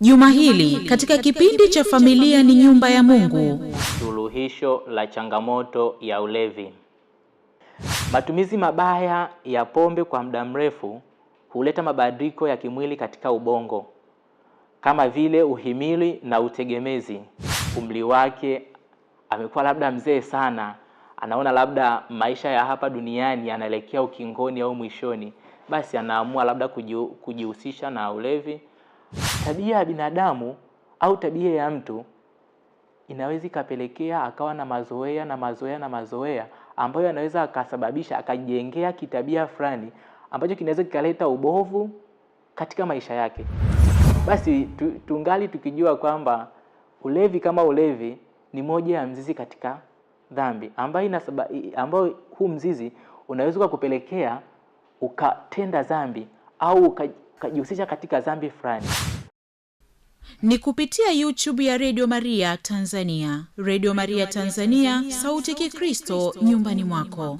Juma hili katika kipindi cha Familia ni Nyumba ya Mungu, suluhisho la changamoto ya ulevi. Matumizi mabaya ya pombe kwa muda mrefu huleta mabadiliko ya kimwili katika ubongo kama vile uhimili na utegemezi. Umri wake amekuwa labda mzee sana, anaona labda maisha ya hapa duniani yanaelekea ukingoni au mwishoni, basi anaamua labda kujihusisha na ulevi Tabia ya binadamu au tabia ya mtu inaweza ikapelekea akawa na mazoea na mazoea na mazoea ambayo anaweza akasababisha akajengea kitabia fulani ambacho kinaweza kikaleta ubovu katika maisha yake. Basi tu, tungali tukijua kwamba ulevi kama ulevi ni moja ya mzizi katika dhambi ambayo inasaba, ambayo huu mzizi unaweza ukakupelekea ukatenda dhambi au kajihusisha katika dhambi fulani ni kupitia youtube ya redio maria tanzania redio maria tanzania sauti kikristo nyumbani mwako